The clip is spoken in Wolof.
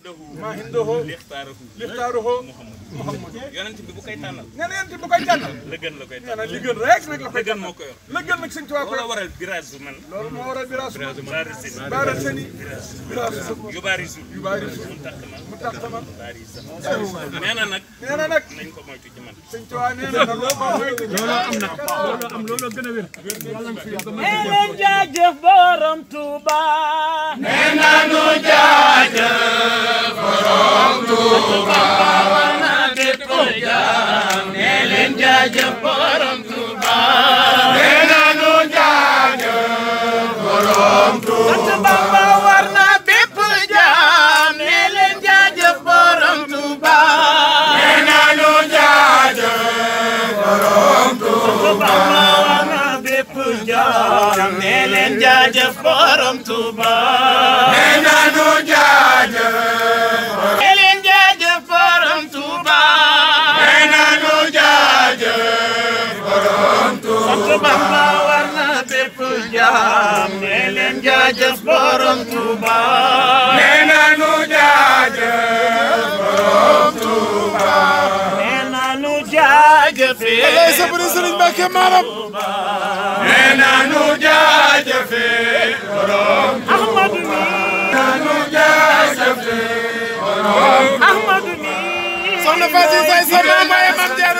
indahu maa indahu lixtaaruhu lixtaaruhu muhammad yonent bi bu koy tànnal nee na yonent bi bu koy tànnal la gën la koy tànnal nee na li gën rek nag la koy tànnal moo ko yor la gën nag sëñ Tuubaa ko loolu waral birage man loolu moo waral birage man baara seni baara seni birage yu baari su yu baari su mu tax man mu tax man baari sa nee na nag nee na nag nañ ko moytu ci man sëñ Tuubaa nee na loolu moo moytu loolu am na loolu am loolu gën a wér nee na jaajëf borom Tuubaa nee na nu jaajëf jaajëf nu jaajëf borom Touba. sant nu jaajëf borom Touba. sant nu jaajëf. nee leen Bamba war na bépp jaam nee leen jaajëf borom Touba nee na nu jaajëf borom Touba nee na nu jaajëf sabri Serigne Mbacké Maram nee na nu jaajëf borom Ahmadu ni na nu jaajëf borom Ahmadu ni soxna Fatou Seye sama maye mam jaara